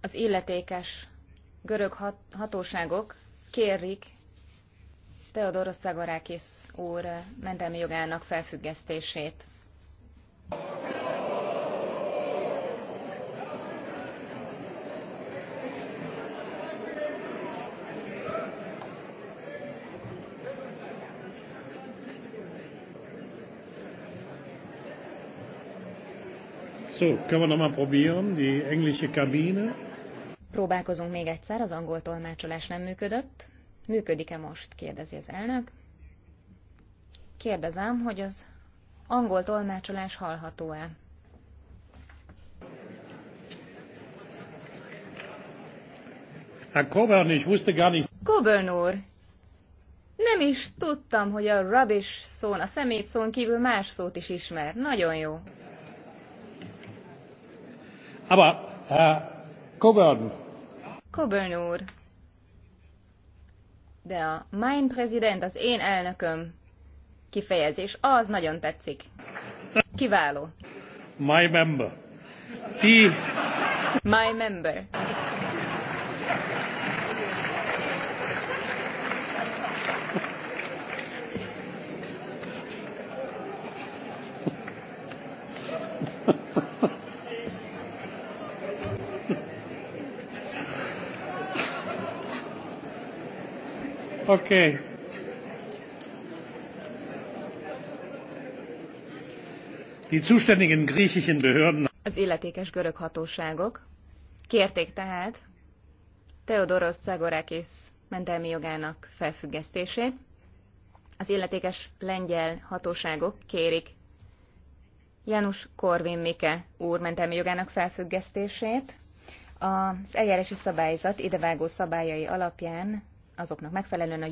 Az illetékes görög hat hatóságok kérik Teodoros Szagarákis úr mentelmi jogának felfüggesztését. So, können wir nochmal probieren, die englische Kabine. Próbálkozunk még egyszer, az angol tolmácsolás nem működött. Működik-e most? kérdezi az elnök. Kérdezem, hogy az angol tolmácsolás hallható-e? Coburn, ich wusste gar nicht. Coburn úr, nem is tudtam, hogy a rubbish szón, a szemét szón kívül más szót is ismer. Nagyon jó. Aber, Herr Coburn. Coburn úr. De a mein Präsident, az én elnököm kifejezés, az nagyon tetszik. Kiváló. My member. Ti... My member. Okay. Die zuständigen griechischen Behörden az illetékes görög hatóságok kérték tehát Theodoros Zagorakis mentelmi jogának felfüggesztését. Az illetékes lengyel hatóságok kérik Janusz Korvin Mike úr mentelmi jogának felfüggesztését. Az eljárási szabályzat idevágó szabályai alapján azoknak megfelelően a